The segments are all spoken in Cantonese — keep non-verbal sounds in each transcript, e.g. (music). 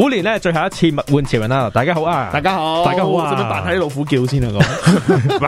虎年咧，最後一次物玩潮人啦！大家好啊，大家好，大家好啊！做咩扮下啲老虎叫先啊？咁咁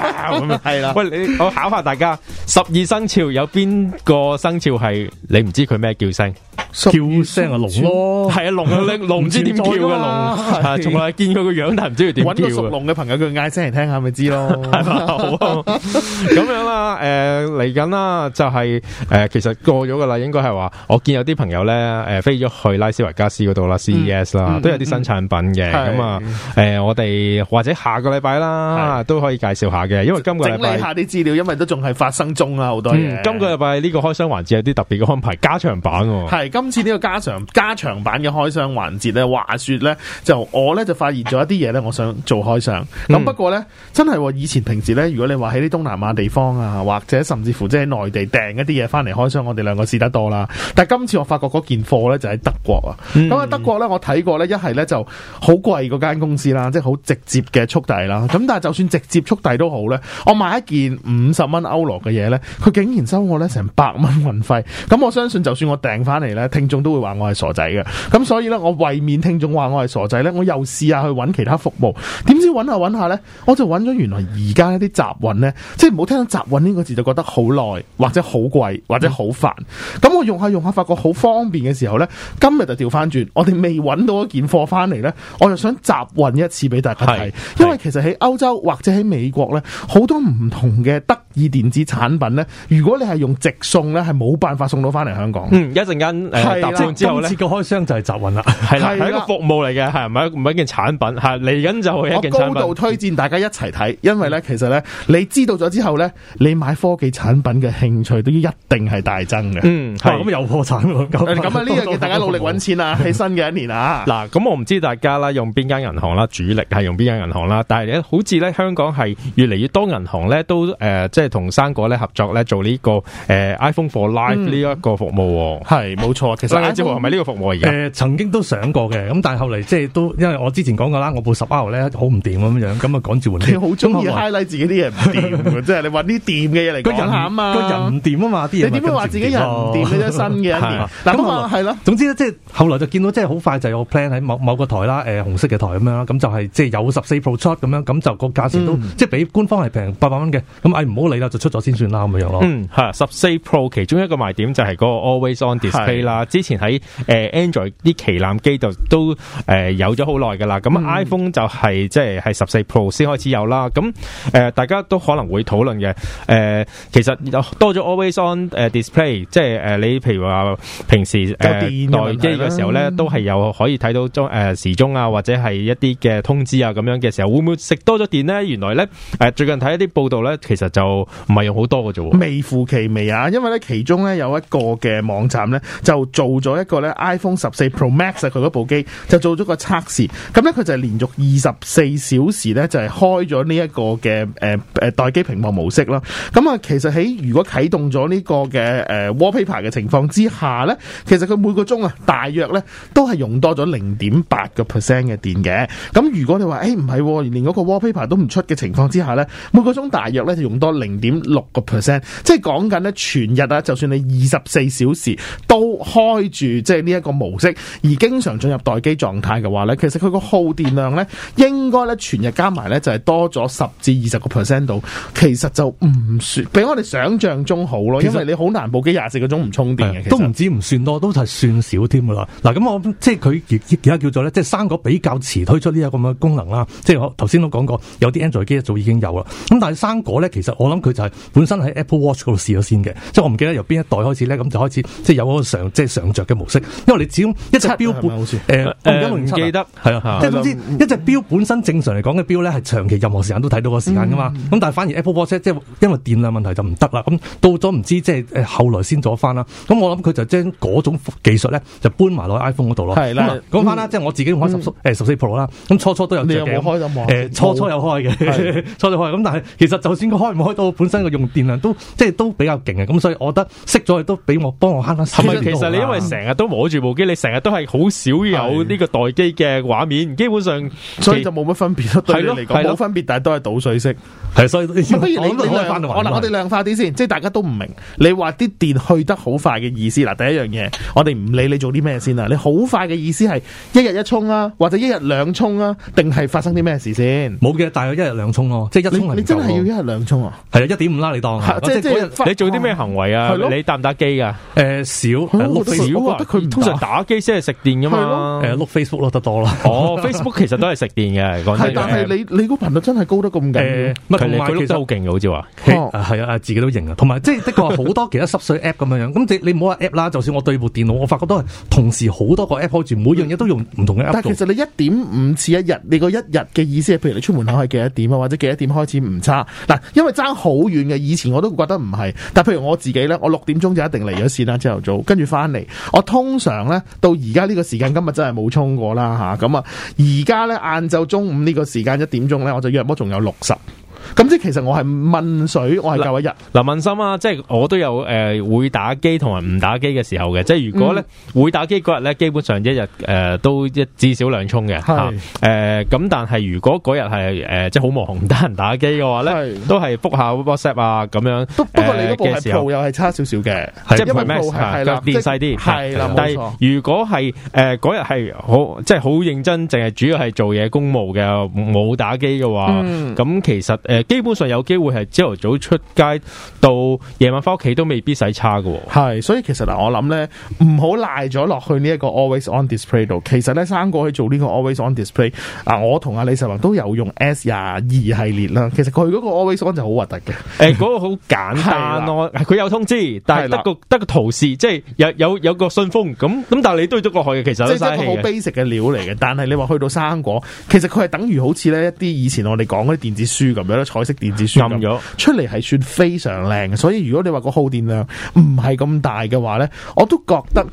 啊，係啦！喂，你我考，考下大家，十二生肖有邊個生肖係你唔知佢咩叫聲？叫聲啊龍咯，係啊龍啊，龍唔知點叫啊龍啊！從來見佢個樣，但係唔知要點叫啊！屬龍嘅朋友，佢嗌聲嚟聽下，咪知咯 (laughs) ，好啊！咁 (laughs) 樣啦，誒嚟緊啦，就係、是、誒、呃，其實過咗噶啦，應該係話，我見有啲朋友咧，誒、呃、飛咗去拉斯維加斯嗰度啦，CES 啦、嗯。嗯嗯嗯，都有啲新產品嘅咁啊，誒、呃，我哋或者下個禮拜啦，都可以介紹下嘅，因為今個禮拜整理下啲資料，因為都仲係發生中啊，好多嘢，嗯。今個禮拜呢個開箱環節有啲特別嘅安排，加長版，啊。係今次呢個加長加長版嘅開箱環節咧，話說咧，就我咧就發現咗一啲嘢咧，我想做開箱。咁、嗯、不過咧，真係話、哦、以前平時咧，如果你話喺啲東南亞地方啊，或者甚至乎即係內地訂一啲嘢翻嚟開箱，我哋兩個試得多啦。但係今次我發覺嗰件貨咧就喺德國啊。咁、嗯、喺德國咧我睇過，一係咧就好貴嗰間公司啦，即係好直接嘅速遞啦。咁但係就算直接速遞都好咧，我買一件五十蚊歐羅嘅嘢咧，佢竟然收我咧成百蚊運費。咁我相信就算我訂翻嚟咧，聽眾都會話我係傻仔嘅。咁所以咧，我為免聽眾話我係傻仔咧，我又試下去揾其他服務。點知揾下揾下咧，我就揾咗原來而家一啲集運咧，即係唔好聽到集運呢個字就覺得好耐或者好貴或者好煩。咁我用下用下發覺好方便嘅時候咧，今日就調翻轉，我哋未揾到。多件貨翻嚟咧，我就想集運一次俾大家睇，因為其實喺歐洲或者喺美國咧，好多唔同嘅德。二電子產品咧，如果你係用直送咧，係冇辦法送到翻嚟香港。嗯，一陣間答完之後咧，今次個開箱就係集運啦，係啦，係一個服務嚟嘅，係唔係唔係一件產品，嚟緊就係一件產品。我高度推薦大家一齊睇，因為咧其實咧，你知道咗之後咧，你買科技產品嘅興趣都一定係大增嘅。嗯，係咁又破產喎。咁咁啊，呢樣嘢大家努力揾錢啦、啊，喺新嘅一年啊。嗱、嗯，咁、嗯、我唔知大家啦，用邊間銀行啦，主力係用邊間銀行啦，但係好似咧香港係越嚟越多銀行咧都誒、呃，即即係同生果咧合作咧做呢、這個誒、呃、iPhone for Life 呢、嗯、一、這個服務、哦，係冇錯。其實阿志華係咪呢個服務嚟嘅、嗯呃？曾經都想過嘅，咁但係後嚟即係都，因為我之前講過啦，我部十 R 咧好唔掂咁樣就趕，咁啊趕住換。好中意 highlight 自己啲嘢唔掂即係你搵啲掂嘅嘢嚟。個人啊人行嘛，個人唔掂啊嘛，啲嘢。你點樣話自己人唔掂嘅啫？新嘅，咁 (laughs) 啊後來，係咯。總之咧、就是，即係後來就見到，即係好快就有 plan 喺某某個台啦，誒、呃，紅色嘅台咁樣啦，咁就係即係有十四 Pro 出咁樣，咁就個價錢都、嗯、即係比官方係平八百蚊嘅，咁唉唔好。啦就出咗先算啦咁嘅樣咯。嗯，係十四 Pro 其中一個賣點就係嗰個 Always On Display 啦。之前喺誒、呃、Android 啲旗艦機就都誒、呃、有咗好耐噶啦。咁、嗯、iPhone 就係、是、即係係十四 Pro 先開始有啦。咁誒、呃，大家都可能會討論嘅。誒、呃，其實有多咗 Always On 誒 Display，即係誒、呃、你譬如話平時誒待機嘅時候咧，都係有可以睇到鐘誒、呃、時鐘啊，或者係一啲嘅通知啊咁樣嘅時候，會唔會食多咗電咧？原來咧誒、呃、最近睇一啲報道咧，其實就唔係用好多嘅啫，微乎其微啊。因為咧，其中咧有一個嘅網站咧，就做咗一個咧 iPhone 十四 Pro Max 佢嗰部機，就做咗個測試，咁咧佢就係連續二十四小時咧，就係開咗呢一個嘅誒誒待機屏幕模式咯。咁啊，其實喺如果啟動咗呢個嘅誒 Wallpaper 嘅情況之下咧，其實佢每個鐘啊大約咧都係用多咗零點八個 percent 嘅電嘅。咁如果你話誒唔係連嗰個 Wallpaper 都唔出嘅情況之下咧，每個鐘大約咧就用多零，的電的零點六個 percent，即係講緊咧，全日啊，就算你二十四小時都開住，即係呢一個模式，而經常進入待機狀態嘅話咧，其實佢個耗電量咧，應該咧全日加埋咧就係多咗十至二十個 percent 度。其實就唔算，比我哋想象中好咯。因為你好難部機廿四個鐘唔充電嘅，其實都唔止唔算多，都係算少添噶啦。嗱，咁我即係佢而家叫做咧，即係生果比較遲推出呢一個咁嘅功能啦。即係我頭先都講過，有啲 Android 機一早已經有啦。咁但係生果咧，其實我諗。佢就係本身喺 Apple Watch 度試咗先嘅，即係我唔記得由邊一代開始咧，咁就開始即係有嗰個常即係、就是、常著嘅模式。因為你只要一隻錶本，誒誒，是是欸嗯、唔記得係、嗯嗯、啊，即係、啊、總之一隻錶本身正常嚟講嘅錶咧，係長期任何時間都睇到個時間噶嘛。咁、嗯、但係反而 Apple Watch 即係因為電量問題就唔得啦。咁到咗唔知即係誒後來先咗翻啦。咁我諗佢就將嗰種技術咧就搬埋落 iPhone 嗰度咯。係啦，講翻啦，即係我自己用開十誒十四 Pro 啦。咁初初都有啲誒、呃、初初有開嘅，初初有開。咁但係其實就算佢開唔開到。本身個用電量都即係都比較勁嘅，咁所以我覺得熄咗佢都俾我幫我慳翻少啲。其實你因為成日都摸住部機，你成日都係好少有呢個待機嘅畫面，基本上所以就冇乜分別咯。係咯，係冇分別，但係都係倒水式。係所以如不如你我覺得你可以翻到嚟。嗱，我哋量化啲先，即係大家都唔明你話啲電去得好快嘅意思。嗱，第一樣嘢我哋唔理你做啲咩先啦，你好快嘅意思係一日一充啊，或者一日兩充啊，定係發生啲咩事先？冇嘅，大約一日兩充咯，即係一充係你真係要一日兩充啊？係。就一點五啦，你當係即係即係你做啲咩行為啊？係咯，你打唔打機噶？誒少，好少啊！佢通常打機先係食電㗎嘛。誒，碌 Facebook 碌得多啦。哦，Facebook 其實都係食電嘅。係，但係你你嗰頻率真係高得咁勁。誒，同埋佢真係好勁嘅，好似話。哦，係啊，自己都認啊。同埋即係的確係好多其他濕水 app 咁樣樣。咁你你唔好話 app 啦。就算我對部電腦，我發覺都係同時好多個 app 開住，每樣嘢都用唔同嘅 app。但係其實你一點五次一日，你個一日嘅意思係譬如你出門口係幾多點啊？或者幾多點開始唔差嗱，因為爭。好遠嘅，以前我都覺得唔係，但譬如我自己呢，我六點鐘就一定嚟咗線啦，朝頭早跟住翻嚟，我通常呢到而家呢個時間，今日真係冇充過啦吓，咁啊而家呢晏晝中午呢個時間一點鐘呢，我就約莫仲有六十。咁即係其實我係問水，我係夠一日。林問心啊，即係我都有誒、呃、會打機同埋唔打機嘅時候嘅。即係如果咧、嗯、會打機嗰日咧，基本上一日誒、呃、都一至少兩充嘅。誒咁、啊呃，但係如果嗰日係誒即係好忙，唔得閒打機嘅話咧，是都係復下 WhatsApp 啊咁樣不、呃。不過你嗰部又係差少少嘅，即係因為咩？係啦，電細啲係啦。但係如果係誒嗰日係好即係好認真，淨係主要係做嘢公務嘅，冇打機嘅話，咁、嗯、其實。基本上有機會係朝頭早出街，到夜晚翻屋企都未必使差嘅。係，所以其實嗱，我諗咧，唔好賴咗落去呢一個 always on display 度。其實咧，生果去做呢個 always on display，啊，我同阿李世華都有用 S 廿二系列啦。其實佢嗰個 always on 就好核突嘅。誒、欸嗰個好簡單咯，佢 (laughs) 有通知，但係得個得個圖示，即係有有有個信封咁咁。但係你都要捉過去嘅，其實，都係。即係好 basic 嘅料嚟嘅，但係你話去到生果，其實佢係等於好似咧一啲以前我哋講啲電子書咁樣。彩色電子書咗，出嚟係算非常靚，所以如果你話個耗電量唔係咁大嘅話咧，我都覺得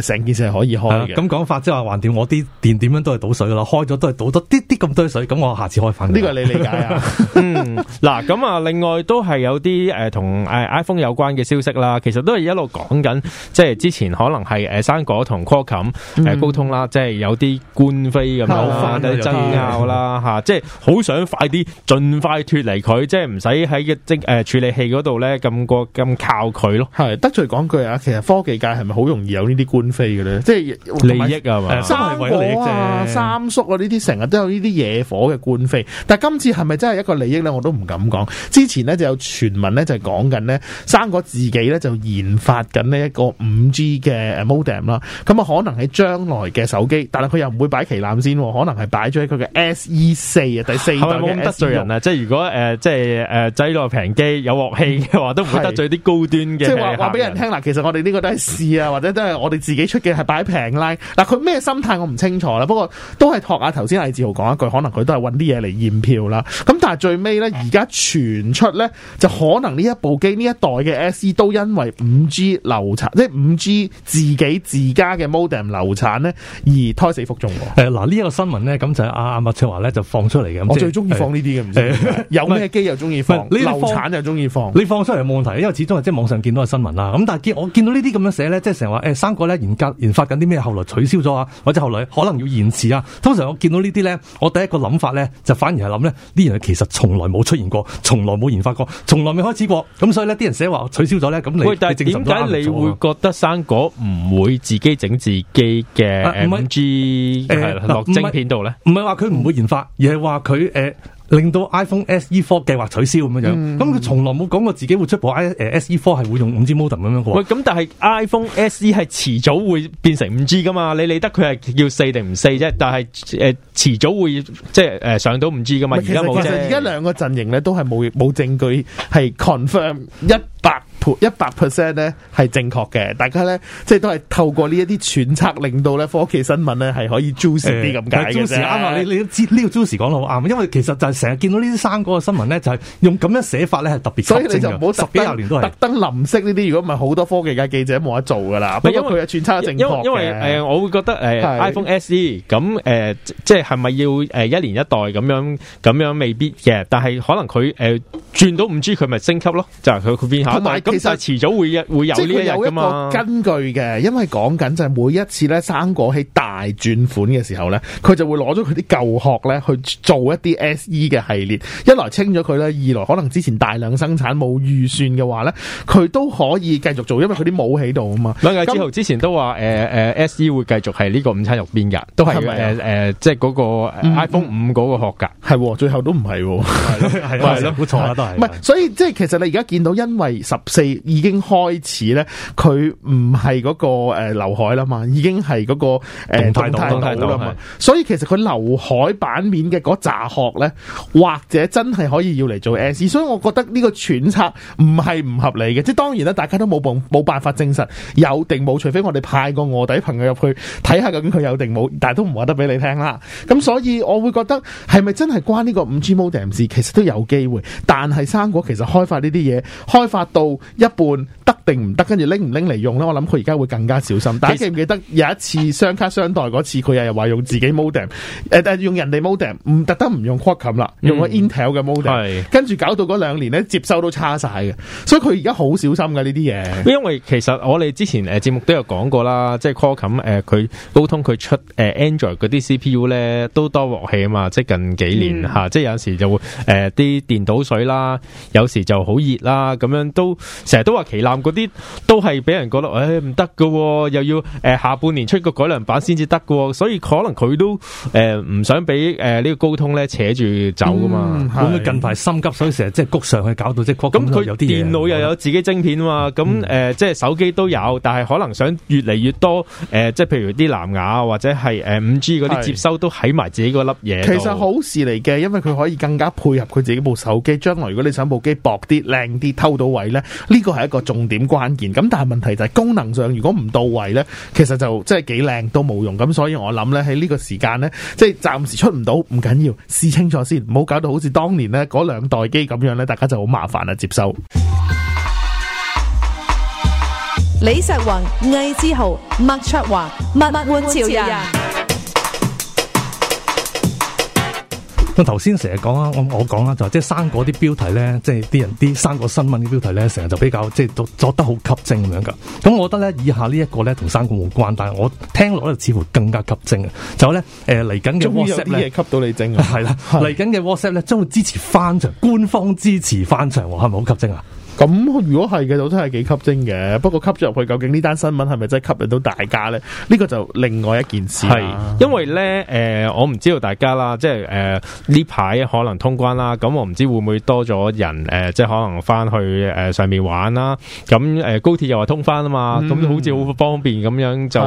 誒，成、呃、件事係可以開嘅。咁、啊、講法即係話，橫掂我啲電點樣都係倒水噶啦，開咗都係倒得啲啲咁多水，咁我下次開翻。呢個你理解啊、 (laughs) (laughs) 嗯？嗱，咁啊，另外都係有啲誒，同、呃、iPhone 有關嘅消息啦，其實都係一路講緊，即係之前可能係誒生果同 Qualcomm 誒高通啦，即係有啲官非咁樣好爭拗啦，吓、嗯啊，即係好想快啲，盡快。脫離佢，即係唔使喺一即誒處理器嗰度咧，咁過咁靠佢咯。係得罪講句啊，其實科技界係咪好容易有呢啲官非嘅咧？即係利益啊嘛，三哥啊、三叔啊呢啲成日都有呢啲惹火嘅官非。但係今次係咪真係一個利益咧？我都唔敢講。之前咧就有傳聞咧就講緊咧，三哥自己咧就研發緊呢一個五 G 嘅 modem 啦。咁啊，可能喺將來嘅手機，但係佢又唔會擺旗艦先，可能係擺咗喺佢嘅 SE 四啊第四代嘅。得罪人啊！即係如果。誒、呃，即係誒、呃呃，製落平機有鑊氣嘅話，都唔會得罪啲高端嘅。即係話話俾人聽啦，其實我哋呢個都係試啊，或者都係我哋自己出嘅，係擺平啦。嗱，佢咩心態我唔清楚啦，不過都係托阿頭先李志豪講一句，可能佢都係搵啲嘢嚟驗票啦。咁但係最尾咧，而家傳出咧，就可能呢一部機呢、嗯、一代嘅 SE 都因為五 G 流產，即係五 G 自己自家嘅 Modem 流產咧，而胎死腹中。誒、嗯，嗱呢一個新聞咧，咁就阿阿麥翠華咧就放出嚟嘅。我最中意放呢啲嘅，唔、哎、知。哎哎哎有咩機又中意放，放？流產又中意放。你放出嚟冇問題，因為始終係即係網上見到嘅新聞啦。咁但係我見到呢啲咁樣寫咧，即係成日話誒生果咧研發研緊啲咩，後來取消咗啊，或者後來可能要延遲啊。通常我見到呢啲咧，我第一個諗法咧就反而係諗咧，啲人其實從來冇出現過，從來冇研發過，從來未開始過。咁所以呢啲人寫話取消咗咧，咁你點解你會覺得生果唔會自己整自己嘅 NG、啊啊、落晶片度咧？唔係話佢唔會研發，而係話佢令到 iPhone SE Four 計劃取消咁樣樣，咁佢從來冇講過自己會出部 iPhone SE Four 係會用五 G modem 咁樣喎。喂，咁但係 iPhone SE 係遲早會變成五 G 噶嘛？你理得佢係要四定唔四啫？但係誒、呃、遲早會即係、呃、上到五 G 噶嘛？而家冇啫。其實而家兩個陣營咧都係冇冇證據係 confirm 一百。一百 percent 咧係正確嘅，大家咧即係都係透過呢一啲揣測，令到咧科技新聞咧係可以 juice 啲咁解嘅。嗯就是、juice 啱啊！你都知呢、呢個 juice 講得好啱，因為其實就係成日見到呢啲生果新聞咧，就係、是、用咁樣寫法咧係特別。所以你就唔好十幾廿年都係特登臨色呢啲，如果唔係好多科技界記者冇得做噶啦。不過佢有揣測正確嘅。因為誒、呃，我會覺得誒、呃、iPhone SE 咁誒、呃，即係係咪要誒一年一代咁樣咁樣未必嘅，但係可能佢誒轉到五 G，佢咪升級咯，就係佢其實遲早會會有呢一日噶嘛？根據嘅，因為講緊就係每一次咧生果喺大轉款嘅時候咧，佢就會攞咗佢啲舊殼咧去做一啲 SE 嘅系列，一來清咗佢咧，二來可能之前大量生產冇預算嘅話咧，佢都可以繼續做，因為佢啲冇喺度啊嘛。兩毅之後之前都話誒誒、呃呃、SE 會繼續係呢個午餐入邊噶，都係誒誒即係嗰個 iPhone 五嗰個殼噶，係、嗯，最後都唔係係係咯，冇錯啦，都係。唔係，所以即係其實你而家見到，因為十四佢哋已經開始呢，佢唔係嗰個誒、呃、劉海啦嘛，已經係嗰、那個誒動態島啦嘛，所以其實佢劉海版面嘅嗰咋殼咧，或者真係可以要嚟做 S，所以我覺得呢個揣測唔係唔合理嘅，即係當然啦，大家都冇冇辦法證實有定冇，除非我哋派個卧底朋友入去睇下究竟佢有定冇，但係都唔話得俾你聽啦。咁所以我會覺得係咪真係關呢個五 G modem 事，其實都有機會，但係生果其實開發呢啲嘢開發到。一半得定唔得，跟住拎唔拎嚟用咧？我諗佢而家會更加小心。但係記唔記得有一次雙卡雙待嗰次，佢又又話用自己 modem，誒誒用人哋 modem，唔特登唔用 Qualcomm 啦，用個 Intel 嘅 modem，跟、嗯、住搞到嗰兩年咧接收都差晒嘅。所以佢而家好小心㗎呢啲嘢。因為其實我哋之前誒節、呃、目都有講過啦，即係 Qualcomm 誒佢高通佢出誒、呃、Android 嗰啲 CPU 咧都多鑊氣啊嘛！即係近幾年吓、嗯，即係有時就會誒啲電倒水啦，有時就好熱啦，咁樣都。成日都話旗艦嗰啲都係俾人覺得，誒唔得喎，又要誒、呃、下半年出個改良版先至得喎。所以可能佢都誒唔、呃、想俾誒呢個高通咧扯住走㗎嘛。咁、嗯、佢近排心急，所以成日即係谷上去，搞到即係咁佢有啲嘢。電腦又有自己晶片啊嘛，咁、嗯、誒、呃、即係手機都有，但係可能想越嚟越多誒，即、呃、係譬如啲藍牙或者係誒五 G 嗰啲接收都喺埋自己嗰粒嘢。其實好事嚟嘅，因為佢可以更加配合佢自己部手機。將來如果你想部機薄啲、靚啲、偷到位咧。呢個係一個重點關鍵，咁但係問題就係、是、功能上如果唔到位呢，其實就即係幾靚都冇用，咁所以我諗呢喺呢個時間呢即係暫時出唔到唔緊要，試清楚先，唔好搞到好似當年呢嗰兩代機咁樣呢大家就好麻煩喇，接受。李石雲、魏之豪、麥卓華、麥麥換潮人。我頭先成日講啦，我我講啦就係，即係生果啲標題咧，即係啲人啲生果新聞啲標題咧，成日就比較即係做作得好吸睛咁樣噶咁我覺得咧，以下呢一個咧同生果冇關，但係我聽落咧似乎更加吸睛啊。就咧、是，誒嚟緊嘅 WhatsApp 咧，終於有啲嘢吸到你精啊，係啦，嚟緊嘅 WhatsApp 咧將會支持翻牆，官方支持翻牆，係咪好吸睛啊？咁如果係嘅，度真係幾吸睛嘅。不過吸咗入去，究竟呢單新聞係咪真係吸引到大家咧？呢、呢個就另外一件事啦。因為咧，誒、呃、我唔知道大家啦，即係誒呢排可能通關啦。咁我唔知會唔會多咗人誒、呃、即係可能翻去誒、呃、上面玩啦。咁誒、呃、高鐵又話通翻啊嘛。咁、嗯、好似好方便咁、嗯、樣就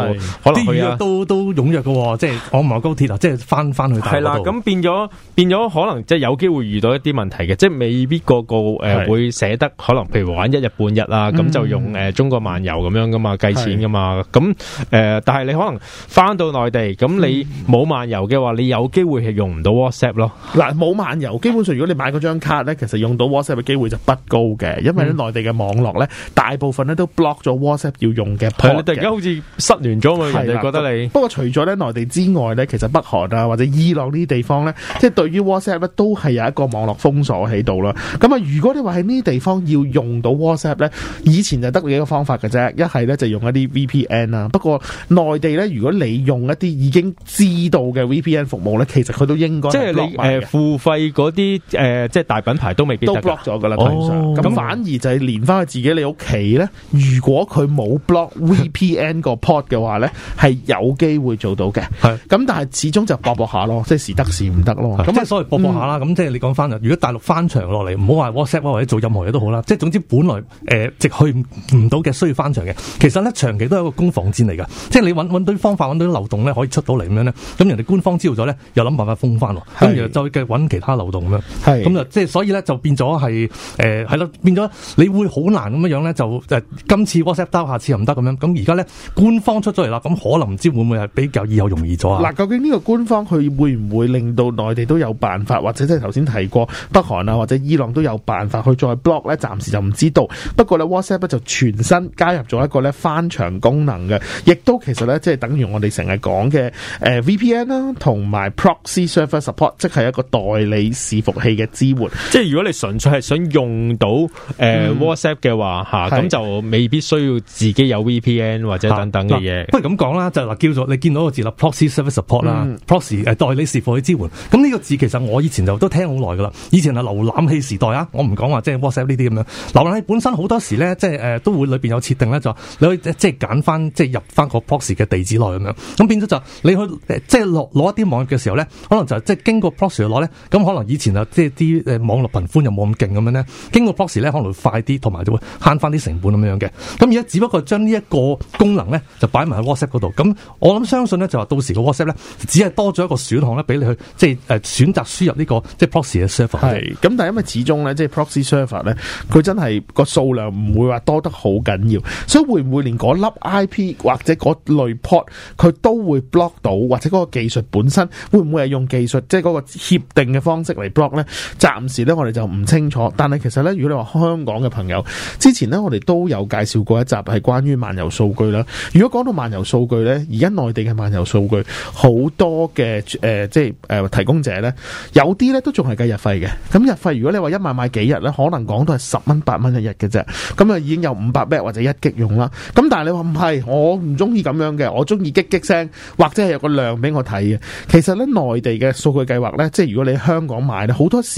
可能去、啊、都都踴躍嘅、哦，即係我唔係高鐵啊， (laughs) 即係翻翻去大陸係啦，咁變咗變咗，可能即係有機會遇到一啲問題嘅，即係未必個個誒、呃、會捨得可能。譬如玩一日半日啊，咁就用、嗯呃、中國漫遊咁樣噶嘛，計錢噶嘛，咁、呃、但係你可能翻到內地，咁你冇漫遊嘅話，你有機會係用唔到 WhatsApp 咯。嗱，冇漫遊，基本上如果你買嗰張卡咧，其實用到 WhatsApp 嘅機會就不高嘅，因為咧、嗯、內地嘅網絡咧，大部分咧都 block 咗 WhatsApp 要用嘅 port。突然間好似失聯咗啊！係就覺得你不，不過除咗咧內地之外咧，其實北韓啊或者伊朗呢啲地方咧，即、就、係、是、對於 WhatsApp 咧都係有一個網絡封鎖喺度啦。咁啊，如果你話喺呢啲地方要用到 WhatsApp 咧，以前就得幾個方法嘅啫，一係咧就用一啲 VPN 啦、啊。不過內地咧，如果你用一啲已經知道嘅 VPN 服務咧，其實佢都應該即係你誒、呃、付費嗰啲誒即係大品牌都未必都 block 咗㗎啦。咁、oh，反而就係連翻去自己你屋企咧，如果佢冇 block VPN 個 port 嘅話咧，係 (laughs) 有機會做到嘅。係咁， (laughs) 但係始終就搏搏下咯， (laughs) 即係時得時唔得咯咁、嗯、所謂搏搏下啦。咁即係你講翻就，如果大陸翻牆落嚟，唔好話 WhatsApp 或者做任何嘢都好啦。即總之，本來誒、呃、直去唔到嘅，需要翻牆嘅。其實咧，長期都係一個攻防戰嚟㗎。即係你揾揾到啲方法，揾到啲漏洞咧，可以出到嚟咁樣咧。咁人哋官方知道咗咧，又諗辦法封翻喎。咁然後就繼續揾其他漏洞咁樣。係。咁啊，即係所以咧，就變咗係誒係咯，變咗你會好難咁嘅樣咧。就誒，今次 WhatsApp down，下次又唔得咁樣。咁而家咧，官方出咗嚟啦，咁可能唔知會唔會係比較以後容易咗啊？嗱，究竟呢個官方佢會唔會令到內地都有辦法？或者即係頭先提過北韓啊，或者伊朗都有辦法去再 block 咧暫時就唔知道。不過咧，WhatsApp 咧就全新加入咗一個咧翻牆功能嘅，亦都其實咧即係等於我哋成日講嘅誒 VPN 啦，同埋 Proxy Server Support，即係一個代理伺服器嘅支援。即係如果你純粹係想用到誒、呃嗯、WhatsApp 嘅話，吓、啊、咁就未必需要自己有 VPN 或者等等嘅嘢、啊。不如咁講啦，就話、是、叫做你見到一個字啦，Proxy Server Support 啦、嗯、，Proxy 誒、呃、代理伺服器支援。咁呢個字其實我以前就都聽好耐㗎啦，以前係瀏覽器時代啊，我唔講話即係 WhatsApp 呢啲咁樣。瀏覽器本身好多時咧，即係誒、呃、都會裏邊有設定咧，就是、你可以即係揀翻，即係入翻個 proxy 嘅地址內咁樣。咁變咗就是你去即係攞攞一啲網頁嘅時候咧，可能就即係經過 proxy 去攞咧。咁可能以前就即係啲誒網絡頻寬又冇咁勁咁樣咧，經過 proxy 咧可能會快啲，同埋就會慳翻啲成本咁樣嘅。咁而家只不過將呢一個功能咧就擺埋喺 WhatsApp 度。咁我諗相信咧就話到時個 WhatsApp 咧只係多咗一個選項咧俾你去即係誒、呃、選擇輸入呢個即係 proxy 嘅 server。係。咁但係因為始終咧即係 proxy server 咧佢。嗯，佢佢真係個數量唔會話多得好緊要，所以會唔會連嗰粒 I P 或者嗰類 p o r t 佢都會 block 到，或者嗰個技術本身會唔會係用技術即係嗰個協定嘅方式嚟 block 呢？暫時呢，我哋就唔清楚。但係其實呢，如果你話香港嘅朋友之前呢，我哋都有介紹過一集係關於漫遊數據啦。如果講到漫遊數據呢，而家內地嘅漫遊數據好多嘅誒、呃，即係誒、呃、提供者呢，有啲呢都仲係計日費嘅。咁日費如果你話一晚買幾日呢，可能講到係十百蚊一日嘅啫，咁啊已經有五百 M 或者一 G 用啦。咁但係你話唔係，我唔中意咁樣嘅，我中意激激聲或者係有個量俾我睇嘅。其實咧內地嘅數據計劃咧，即係如果你喺香港買咧，好多時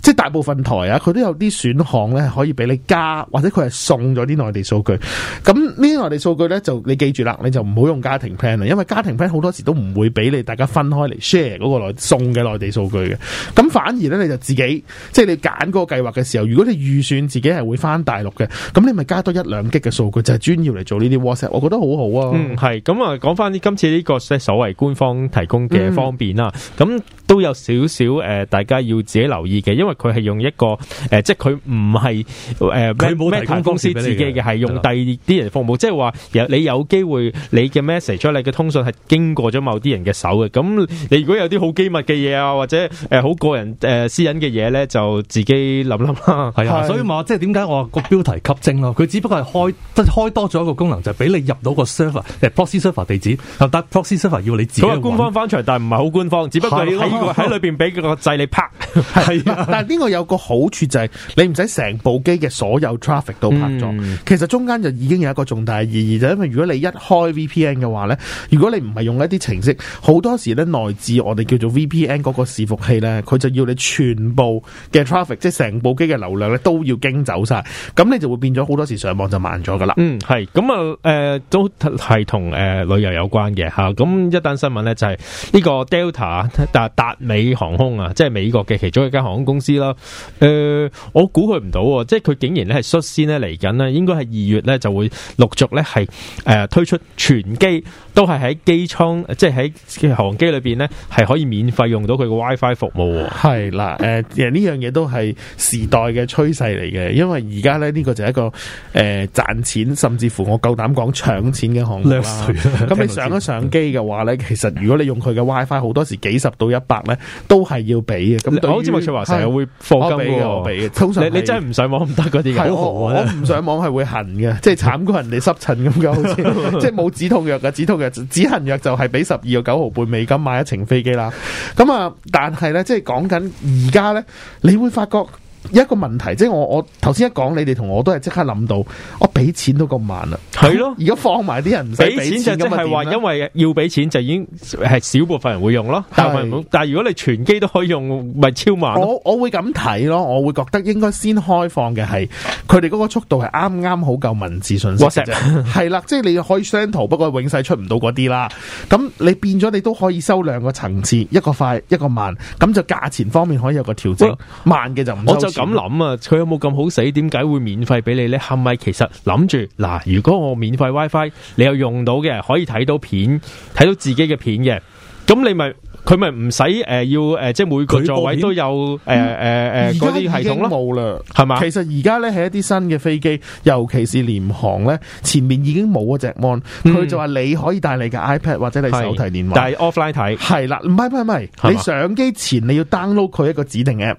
即係大部分台啊，佢都有啲選項咧可以俾你加，或者佢係送咗啲內地數據。咁呢啲內地數據咧就你記住啦，你就唔好用家庭 plan 啦，因為家庭 plan 好多時都唔會俾你大家分開嚟 share 嗰個內送嘅內地數據嘅。咁反而咧你就自己即係你揀嗰個計劃嘅時候，如果你預算。自己係會翻大陸嘅，咁你咪加多一兩擊嘅數據，就係專業嚟做呢啲 WhatsApp，我覺得好好啊。嗯，係咁啊，講翻呢今次呢個即係所謂官方提供嘅方便啦，咁都有少少誒，大家要自己留意嘅，因為佢係用一個誒，即係佢唔係誒，佢冇咩提供公司自己嘅，係用第二啲人服務，即係話有你有機會你嘅 message 出嚟，嘅通訊係經過咗某啲人嘅手嘅，咁你如果有啲好機密嘅嘢啊，或者誒好個人誒私隱嘅嘢咧，就自己諗諗啦。係啊，所以網。即係點解我個標題吸睛咯？佢只不過係開開多咗一個功能，就俾、是、你入到個 server，誒、欸、，Proxy server 地址，但 Proxy server 要你自己。佢官方翻出嚟，但係唔係好官方，只不過喺喺裏邊俾個掣你拍。係啊， (laughs) 但係呢個有個好處就係、是、你唔使成部機嘅所有 traffic 都拍咗、嗯，其實中間就已經有一個重大意義，就是、因為如果你一開 VPN 嘅話咧，如果你唔係用一啲程式，好多時咧內置我哋叫做 VPN 嗰個伺服器咧，佢就要你全部嘅 traffic，即係成部機嘅流量咧都要經。走晒，咁你就會變咗好多時上網就慢咗噶啦。嗯，係咁、呃呃、啊，誒，都係同誒旅遊有關嘅吓。咁一單新聞咧就係、是、呢個 Delta，達達美航空啊，即係美國嘅其中一間航空公司啦。誒、呃，我估佢唔到，即係佢竟然咧係率先咧嚟緊咧，應該係二月咧就會陸續咧係誒推出全機都係喺機艙，即係喺航機裏邊咧係可以免費用到佢個 WiFi 服務。係啦，誒、呃，呢 (laughs) 樣嘢都係時代嘅趨勢嚟。嘅，因為而家咧呢、這個就係一個誒賺、呃、錢，甚至乎我夠膽講搶錢嘅行業咁、嗯、你上一上機嘅話咧、嗯，其實如果你用佢嘅 WiFi，好多時幾十到一百咧，都係要俾嘅。咁好似麥翠華成日會放金嘅，俾、嗯、嘅、哦。你你真係唔上網唔得嗰啲嘅，我唔上網係會痕嘅， (laughs) 即係慘過人哋濕疹咁嘅，好似 (laughs) 即係冇止痛藥嘅，止痛藥止痕藥就係俾十二個九毫半美金買一程飛機啦。咁啊，但係咧，即係講緊而家咧，你會發覺。一個問題，即係我我頭先一講，你哋同我都係即刻諗到，我俾錢都咁慢啦、啊。係咯，如果放埋啲人唔使俾錢，錢就即係話，因為要俾錢就已經係少部分人會用咯。但係但係如果你全機都可以用，咪超慢、啊。我我會咁睇咯，我會覺得應該先開放嘅係佢哋嗰個速度係啱啱好夠文字信息啫。係啦， (laughs) 即係你可以 send 圖，不過永世出唔到嗰啲啦。咁你變咗你都可以收兩個層次，一個快一個慢，咁就價錢方面可以有個調整。慢嘅就唔咁諗啊，佢有冇咁好死？點解會免費俾你呢？係咪其實諗住嗱？如果我免費 WiFi，你有用到嘅，可以睇到片，睇到自己嘅片嘅，咁你咪佢咪唔使誒要誒，即係每個座位都有誒誒誒嗰啲系統咯。冇啦，係、呃、嘛、嗯呃？其實而家呢係一啲新嘅飛機，尤其是廉航呢，前面已經冇嗰隻 mon，佢就話你可以帶你嘅 iPad 或者你手提電話，但係 offline 睇係啦，唔係唔係唔係，你上機前你要 download 佢一個指定 app。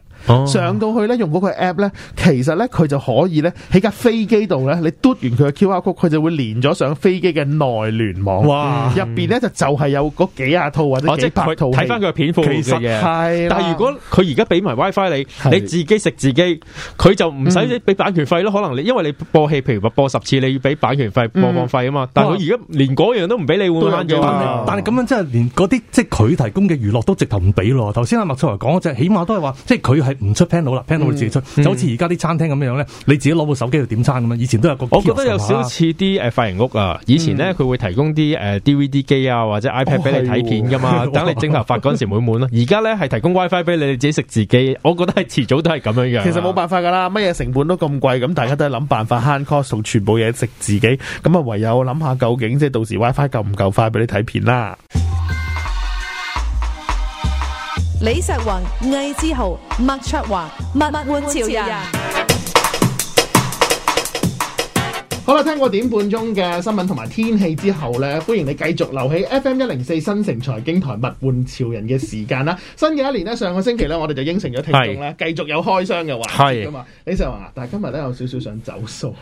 上到去咧，用嗰個 app 咧，其實咧佢就可以咧喺架飛機度咧，你嘟完佢嘅 QR code，佢就會連咗上飛機嘅內聯網。哇，入邊咧就就是、係有嗰幾啊套或者幾百套睇翻佢嘅片庫嘅嘢。但係如果佢而家俾埋 WiFi 你，你自己食自己，佢就唔使俾版權費咯、嗯。可能你因為你播戲，譬如話播十次，你要俾版權費播放費啊嘛。嗯、但係佢而家連嗰樣都唔俾你換，都慳咗。但係咁、啊、樣真即係連嗰啲即係佢提供嘅娛樂都直頭唔俾咯。頭先阿麥翠華講嗰隻，起碼都係話即係佢係。唔出 Panel 啦 Panel 你自己出，嗯、就好似而家啲餐廳咁樣咧，你自己攞部手機去點餐咁啊。以前都有個，我覺得有少似啲誒、啊呃、髮型屋啊。以前咧佢、嗯、會提供啲誒、呃、DVD 機啊或者 iPad 俾、哦、你睇片噶嘛，等、哦哦、你整頭髮嗰陣時滿唔滿咯。而家咧係提供 WiFi 俾你，你自己食自己。我覺得係遲早都係咁樣嘅、啊。其實冇辦法噶啦，乜嘢成本都咁貴，咁大家都係諗辦法慳 cost，全部嘢食自己。咁啊唯有諗下究竟即係到時 WiFi 夠唔夠快俾你睇片啦。李石宏、魏之豪、麥卓華、麥、物玩潮人。好啦，聽過點半鐘嘅新聞同埋天氣之後咧，歡迎你繼續留喺 FM 一零四新城財經台物玩潮人嘅時間啦。 (laughs) 新嘅一年咧，上個星期咧，我哋就應承咗聽眾咧，繼續有開箱嘅環節噶嘛。李石宏但係今日咧有少少想走數，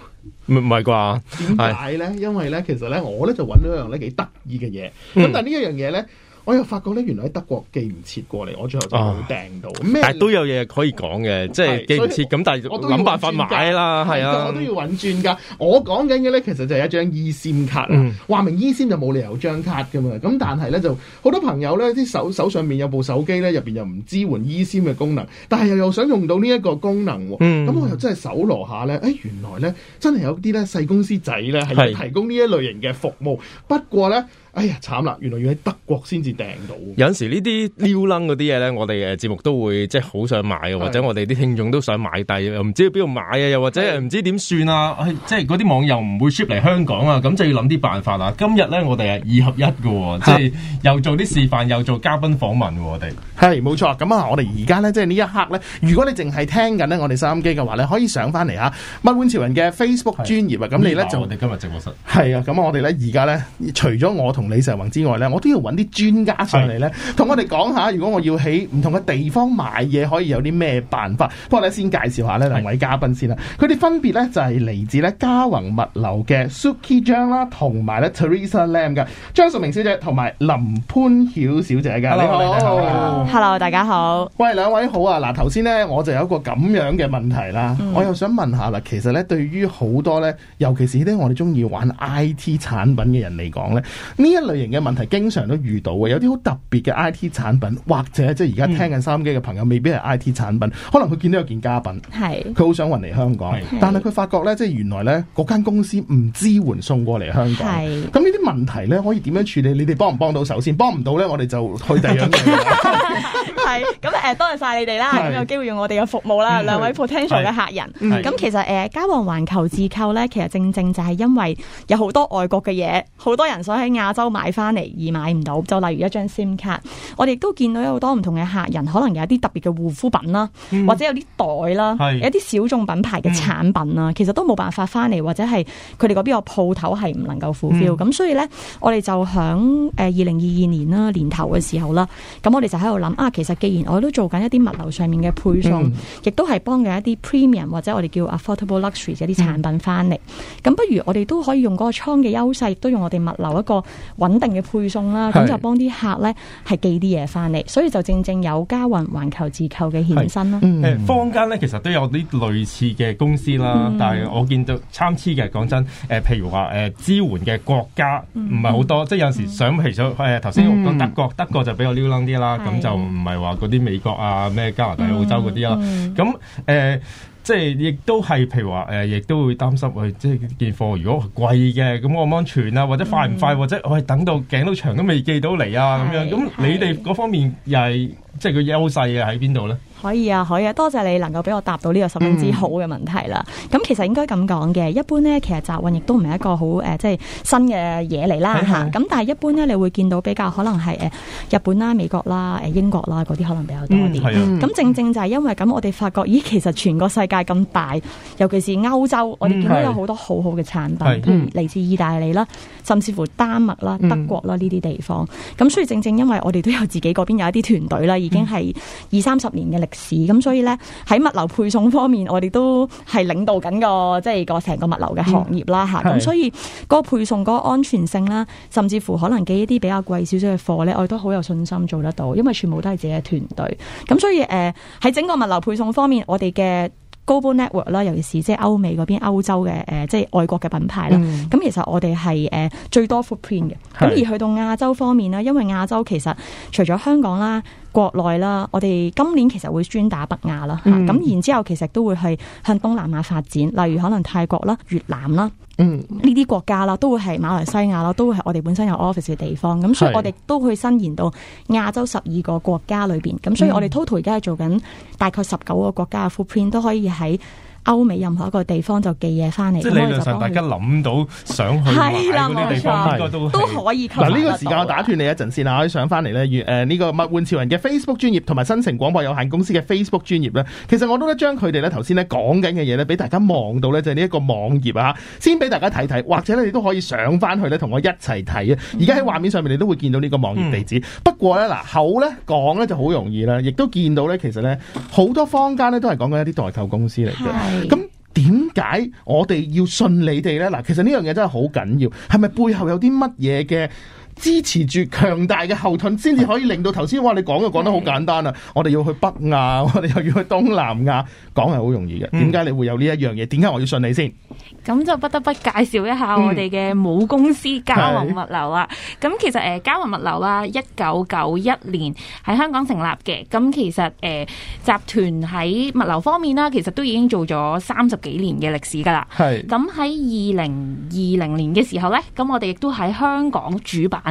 唔唔係啩？點解咧？因為咧，其實咧，我咧就揾到一樣咧幾得意嘅嘢，咁、嗯、但係呢一樣嘢咧。我又發覺咧，原來喺德國寄唔切過嚟，我最後就冇訂到。啊、但係都有嘢可以講嘅，嗯，即係寄唔切咁，但係諗辦法買啦，係啊！我都要揾轉㗎。我講緊嘅咧，其實就係一張 eSIM 卡啦。話、嗯、明 eSIM 就冇理由張卡㗎嘛。咁但係咧，就好多朋友咧，啲手手上面有部手機咧，入面又唔支援 eSIM 嘅功能，但係又又想用到呢一個功能喎。咁、嗯、我又真係搜羅下咧，誒、哎、原來咧真係有啲咧細公司仔咧係提供呢一類型嘅服務，不過咧。哎呀慘啦，原來要喺德國先至訂到。有陣時呢啲撩楞嗰啲嘢咧，我哋誒節目都會即係好想買嘅，或者我哋啲聽眾都想買低，又唔知去邊度買啊，又或者唔知點算啊，即係嗰啲網又唔會 ship 嚟香港啊，咁就要諗啲辦法啦。今日咧我哋係二合一喎， (laughs) 即係又做啲示範，又做嘉賓訪問。我哋係冇錯。咁啊，我哋而家咧即係呢一刻咧，如果你淨係聽緊咧我哋收音機嘅話咧，可以上翻嚟吓物玩潮人嘅 Facebook 專頁啊。咁、嗯、你咧就我哋今日直播室係啊。咁我哋咧而家咧除咗我同同李世宏之外咧，我都要揾啲專家上嚟咧，同我哋講下，如果我要喺唔同嘅地方買嘢，可以有啲咩辦法？不過咧，先介紹下呢兩位嘉賓先啦。佢哋分別咧就係嚟自咧嘉宏物流嘅 Suki 張啦，同埋咧 Teresa Lam 嘅張淑明小姐同埋林潘曉小姐嘅。Hello, 你好 hello, hello, hello, hello,，Hello，大家好。喂，兩位好啊！嗱，頭先咧我就有一個咁樣嘅問題啦、嗯，我又想問下啦。其實咧，對於好多咧，尤其是啲我哋中意玩 IT 產品嘅人嚟講咧，呢～呢一類型嘅問題經常都遇到嘅，有啲好特別嘅 IT 產品，或者即係而家聽緊收音機嘅朋友，未必係 IT 產品，可能佢見到有件家品，佢好想運嚟香港，okay, 但係佢發覺咧，即係原來咧嗰間公司唔支援送過嚟香港。咁呢啲問題咧，可以點樣處理？你哋幫唔幫到手先？幫唔到咧，我哋就去第二樣嘢。係咁誒，多謝晒你哋啦！咁有機會用我哋嘅服務啦，嗯、兩位 potential 嘅客人。咁、嗯、其實誒，嘉、呃、旺環球自購咧，其實正正就係因為有好多外國嘅嘢，好多人想喺亞洲，都買翻嚟而買唔到，就例如一張 SIM 卡，我哋都見到有好多唔同嘅客人，可能有一啲特別嘅護膚品啦、嗯，或者有啲袋啦，有啲小眾品牌嘅產品啦、嗯，其實都冇辦法翻嚟，或者係佢哋嗰邊個鋪頭係唔能夠 fulfil。咁、嗯、所以呢，我哋就響誒二零二二年啦年頭嘅時候啦，咁我哋就喺度諗啊，其實既然我都做緊一啲物流上面嘅配送，亦都係幫緊一啲 premium 或者我哋叫 affordable luxury 一啲產品翻嚟，咁、嗯、不如我哋都可以用嗰個倉嘅優勢，都用我哋物流一個穩定嘅配送啦，咁就幫啲客咧係寄啲嘢翻嚟，所以就正正有家運環球自購嘅衍生啦。誒、嗯，坊間咧其實都有啲類似嘅公司啦、嗯，但係我見到參差嘅。講真，誒，譬如話誒支援嘅國家唔係好多，嗯嗯、即係有時想譬如想誒頭先講德國、嗯，德國就比較僆啲啦，咁、嗯、就唔係話嗰啲美國啊咩加拿大、嗯、澳洲嗰啲啦，咁、嗯、誒。嗯即係亦都係，譬如話亦、呃、都會擔心喂、哎，即係件貨如果是貴嘅，咁安唔安全啊？或者快唔快、嗯？或者我係、哎、等到頸都長都未寄到嚟啊？咁、嗯、樣咁，你哋嗰方面又係即係個優勢喺邊度咧？可以啊，可以啊，多謝你能夠俾我答到呢個十分之好嘅問題啦。咁、嗯、其實應該咁講嘅，一般咧其實集運亦都唔係一個好、呃、即係新嘅嘢嚟啦吓咁、欸、但係一般咧，你會見到比較可能係日本啦、美國啦、英國啦嗰啲可能比較多啲。咁、嗯啊嗯、正正就係因為咁，我哋發覺，咦，其實全個世界咁大，尤其是歐洲，我哋見到有好多好好嘅產品，譬、嗯、如嚟自意大利啦，甚至乎丹麥啦、德國啦呢啲、嗯、地方。咁所以正正因為我哋都有自己嗰邊有一啲團隊啦，已經係二三十年嘅歷市咁，所以咧喺物流配送方面，我哋都係領導緊個即係個成個物流嘅行業啦，吓、嗯、咁。所以個配送個安全性啦，甚至乎可能寄一啲比較貴少少嘅貨咧，我哋都好有信心做得到，因為全部都係自己嘅團隊。咁所以誒喺整個物流配送方面，我哋嘅 Global Network 啦，尤其是即係歐美嗰邊歐洲嘅誒，即係外國嘅品牌啦。咁、嗯、其實我哋係誒最多 Footprint 嘅。咁而去到亞洲方面咧，因為亞洲其實除咗香港啦。國內啦，我哋今年其實會專打北亞啦，咁、嗯、然之後其實都會係向東南亞發展，例如可能泰國啦、越南啦呢啲國家啦，都會係馬來西亞啦，都會係我哋本身有 office 嘅地方，咁所以我哋都去伸延到亞洲十二個國家裏邊，咁、嗯、所以我哋 total 而家係做緊大概十九個國家嘅 footprint 都可以喺。歐美任何一個地方就寄嘢翻嚟，即係理論上大家諗到想去買嗰啲地方都，都都可以。嗱，呢個時間我打斷你一陣先啦，可以上翻嚟咧，呢、呃呢個物玩潮人嘅 Facebook 專頁同埋新城廣播有限公司嘅 Facebook 專頁咧，其實我都咧將佢哋咧頭先咧講緊嘅嘢咧，俾大家望到咧，就係呢一個網頁啊！先俾大家睇睇，或者咧你都可以上翻去咧，同我一齊睇啊！而家喺畫面上面你都會見到呢個網頁地址。嗯、不過咧，嗱口咧講咧就好容易啦，亦都見到咧，其實咧好多坊間咧都係講緊一啲代購公司嚟嘅。咁點解我哋要信你哋呢？嗱，其實呢樣嘢真係好緊要，係咪背後有啲乜嘢嘅？支持住強大嘅後盾，先至可以令到頭先話你講嘅講得好簡單啊！我哋要去北亞，我哋又要去東南亞，講係好容易嘅。點解你會有呢一樣嘢？點、嗯、解我要信你先？咁就不得不介紹一下我哋嘅母公司嘉宏、嗯、物流啊！咁其實誒嘉宏物流啦、啊，一九九一年喺香港成立嘅。咁其實誒、呃、集團喺物流方面啦、啊，其實都已經做咗三十幾年嘅歷史㗎啦。係。咁喺二零二零年嘅時候呢，咁我哋亦都喺香港主板。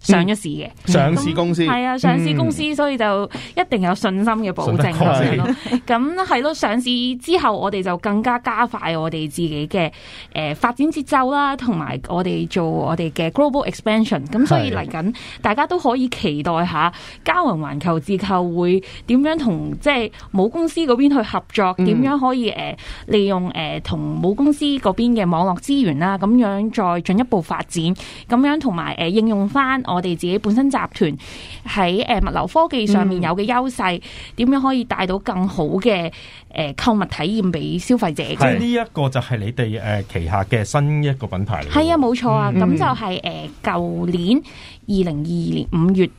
上一市嘅、嗯嗯、上市公司，係、嗯、啊上市公司，所以就一定有信心嘅保證咯。咁係咯，上市之後我哋就更加加快我哋自己嘅誒、呃、發展節奏啦，同埋我哋做我哋嘅 global expansion、啊。咁所以嚟緊，大家都可以期待下，交銀環球自購會點樣同即係母公司嗰邊去合作，點、嗯、樣可以誒、呃、利用誒同、呃、母公司嗰邊嘅網絡資源啦，咁樣再進一步發展，咁樣同埋誒應用翻我。我哋自己本身集團喺誒物流科技上面有嘅優勢，點、嗯、樣可以帶到更好嘅誒購物體驗俾消費者？即係呢一個就係你哋誒、呃、旗下嘅新一個品牌嚟。係啊，冇錯啊，咁、嗯、就係誒舊年二零二二年五月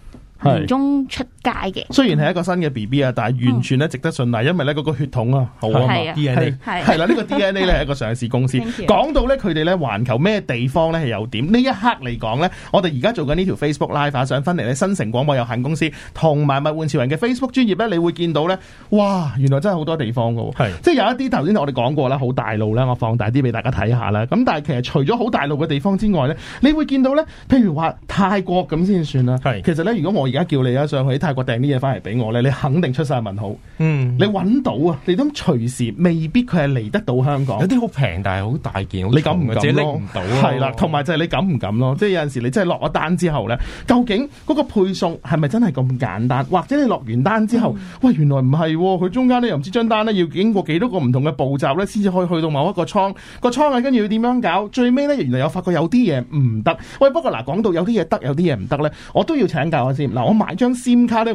年中出。界嘅，雖然係一個新嘅 B B 啊，但係完全咧值得信賴，因為咧嗰個血統好、嗯、啊，好啊，D N A 係啦，呢、這個 D N A 咧係一個上市公司。講 (laughs) 到咧佢哋咧環球咩地方咧係又點？呢一刻嚟講咧，我哋而家做緊呢條 Facebook Live 啊，上翻嚟咧新城廣播有限公司同埋物玩潮人嘅 Facebook 專頁咧，你會見到咧，哇，原來真係好多地方噶，係即係有一啲頭先我哋講過啦，好大路啦，我放大啲俾大家睇下啦。咁但係其實除咗好大路嘅地方之外咧，你會見到咧，譬如話泰國咁先算啦。係其實咧，如果我而家叫你啊上去泰國訂啲嘢翻嚟俾我咧，你肯定出晒問號。嗯，你搵到啊？你都隨時未必佢係嚟得到香港。有啲好平，但係好大件。你敢唔敢，啊、敢，敢？自己拎唔到。係啦，同埋就係你敢唔敢咯？即係有陣時你真係落咗單之後咧，究竟嗰個配送係咪真係咁簡單？或者你落完單之後，嗯、喂，原來唔係、啊。佢中間咧又唔知張單咧要經過幾多個唔同嘅步驟咧，先至可以去到某一個倉。嗰個倉啊，跟住要點樣搞？最尾咧，原來有發覺有啲嘢唔得。喂，不過嗱，講到有啲嘢得，有啲嘢唔得咧，我都要請教下先。嗱、嗯，我買張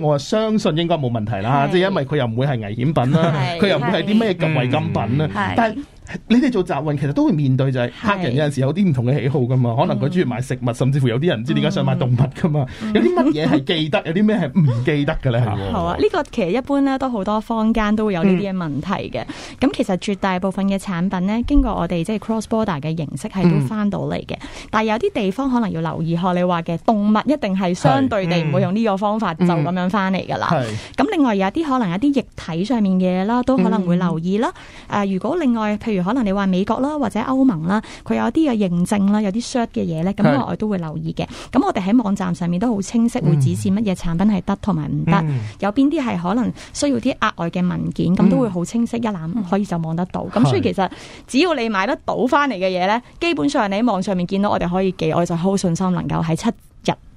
我相信應該冇問題啦，即係因為佢又唔會係危險品啦，佢又唔會係啲咩禁違禁品啦、嗯，但係。你哋做集運其實都會面對就係客人有陣時有啲唔同嘅喜好噶嘛，可能佢中意買食物、嗯，甚至乎有啲人唔知點解想買動物噶嘛。嗯、有啲乜嘢係記得，嗯、有啲咩係唔記得嘅咧？嚇、嗯。 (laughs) 好啊，呢個其實一般咧都好多坊間都會有呢啲嘅問題嘅。咁、嗯、其實絕大部分嘅產品咧，經過我哋即係 cross border 嘅形式係都翻到嚟嘅、嗯。但係有啲地方可能要留意，學你話嘅動物一定係相對地唔會用呢個方法、嗯、就咁樣翻嚟噶啦。咁、嗯、另外有啲可能有啲液體上面嘅嘢啦，都可能會留意啦。誒、嗯呃，如果另外譬如，可能你話美國啦，或者歐盟啦，佢有啲嘅認證啦，有啲 short 嘅嘢呢。咁我哋都會留意嘅。咁我哋喺網站上面都好清晰，會指示乜嘢產品係得同埋唔得，有邊啲係可能需要啲額外嘅文件，咁都會好清晰一覽，可以就望得到。咁所以其實只要你買得到翻嚟嘅嘢呢，基本上你喺網上面見到我哋可以寄，我就好信心能夠喺七。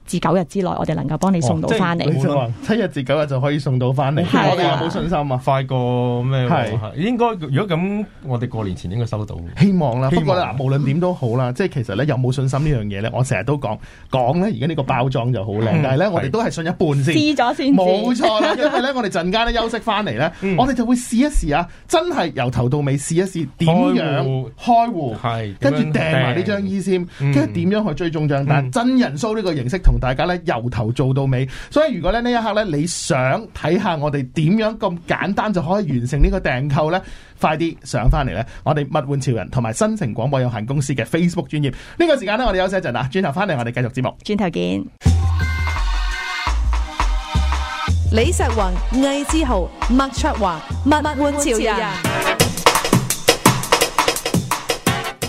至九日之內，我哋能夠幫你送到翻嚟、哦、七日至九日就可以送到翻嚟，我哋有冇信心啊！快過咩？應該。如果咁，我哋過年前應該收到。希望啦。望不過無論點都好啦、嗯，即係其實咧，有冇信心呢樣嘢咧？我成日都講講咧。而家呢個包裝就好靚、嗯，但係咧，我哋都係信一半先。試咗先，冇錯啦。因為咧，我哋陣間咧休息翻嚟咧，我哋就會試一試啊！真係由頭到尾試一試點樣開戶，跟住訂埋呢張 E 先，跟住點樣去追蹤張單，但真人 show 呢個形式同。大家咧由頭做到尾，所以如果咧呢一刻咧你想睇下我哋點樣咁簡單就可以完成呢個訂購咧，快啲上翻嚟咧，我哋物玩潮人同埋新城廣播有限公司嘅 Facebook 專頁。呢個時間咧，我哋休息一陣啦，轉頭翻嚟我哋繼續節目，轉頭見。李石宏、魏志豪、麥卓華、物玩潮人。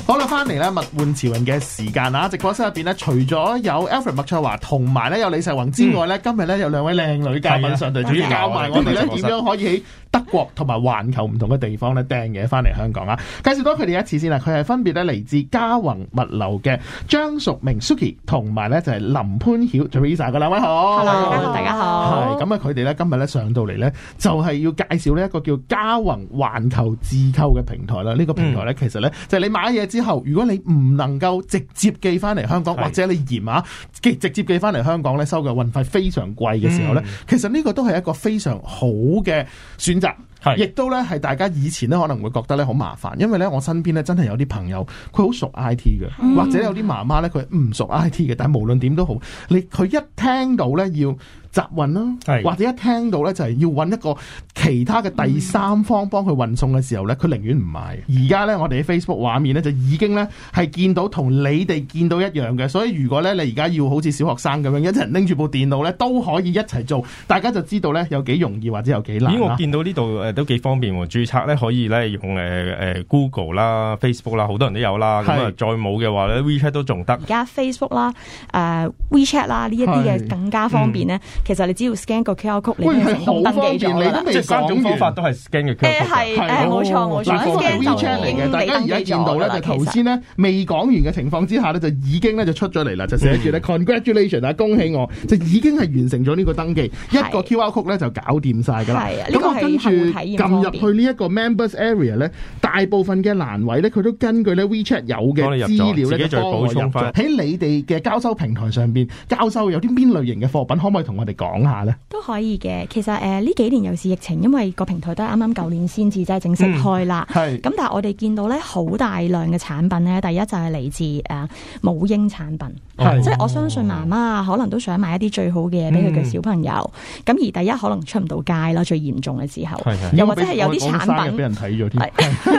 我哋翻嚟咧物玩潮人嘅時間啊！直播室入邊咧，除咗有 Alfred 麥卓華同埋咧有李世宏之外咧，嗯，今日咧有兩位靚女嘉賓上台，教、嗯、埋我哋咧點樣可以喺德國和環同埋環球唔同嘅地方咧掟嘢翻嚟香港啊！介紹多佢哋一次先啦。佢係分別咧嚟自嘉宏物流嘅張淑明 Suki，同埋咧就係林潘曉 Teresa 嘅兩位好。Hello 大家好。係咁啊！佢哋咧今日咧上到嚟咧，就係要介紹呢一個叫嘉宏環球自購嘅平台啦。呢、這個平台咧，其實咧就係你買嘢之後，如果你唔能夠直接寄翻嚟香港，或者你嫌啊寄直接寄翻嚟香港咧，收嘅運費非常貴嘅時候呢、嗯、其實呢個都係一個非常好嘅選擇，亦都呢係大家以前呢可能會覺得呢好麻煩，因為呢我身邊呢真係有啲朋友佢好熟 IT 嘅、嗯，或者有啲媽媽呢，佢唔熟 IT 嘅，但係無論點都好，你佢一聽到呢要集運啦、啊，或者一聽到咧就係、是、要搵一個其他嘅第三方幫佢運送嘅時候咧，佢、嗯、寧願唔買。而家咧，我哋喺 Facebook 畫面咧就已經咧係見到同你哋見到一樣嘅，所以如果咧你而家要好似小學生咁樣一陣拎住部電腦咧都可以一齊做，大家就知道咧有幾容易或者有幾難。咦，我見到呢度、呃、都幾方便喎、啊，註冊咧可以咧用、呃呃、Google 啦、Facebook 啦，好多人都有啦。係，再冇嘅話咧 WeChat 都仲得。而家 Facebook 啦、uh, WeChat 啦呢一啲嘢更加方便咧。其實你只要 scan 個 QR code，你已經登記咗啦。你即係嗰種方法都係 scan 嘅。誒係誒，冇錯冇錯，係 Facebook WeChat 嚟嘅。Scan scan 大家而家見到咧，就頭先咧未講完嘅情況之下咧，就已經咧就出咗嚟啦，就寫住咧 congratulation 啊，嗯、恭喜我，就已經係完成咗呢個登記一個 QR code 咧就搞掂晒㗎啦。咁我跟住撳入去呢一個 members area 咧，大部分嘅欄位咧，佢都根據咧 WeChat 有嘅資料咧幫我入咗。喺你哋嘅交收平台上邊，交收有啲邊類型嘅貨品可唔可以同我？嚟講下咧，都可以嘅。其實誒，呢、呃、幾年又是疫情，因為個平台都係啱啱舊年先至即係正式開啦。咁、嗯、但係我哋見到咧，好大量嘅產品咧，第一就係嚟自誒、呃、母嬰產品。哦、即係我相信媽媽可能都想買一啲最好嘅嘢俾佢嘅小朋友。咁、嗯、而第一可能出唔到街啦，最嚴重嘅時候是是是，又或者係有啲產品俾人睇咗添，是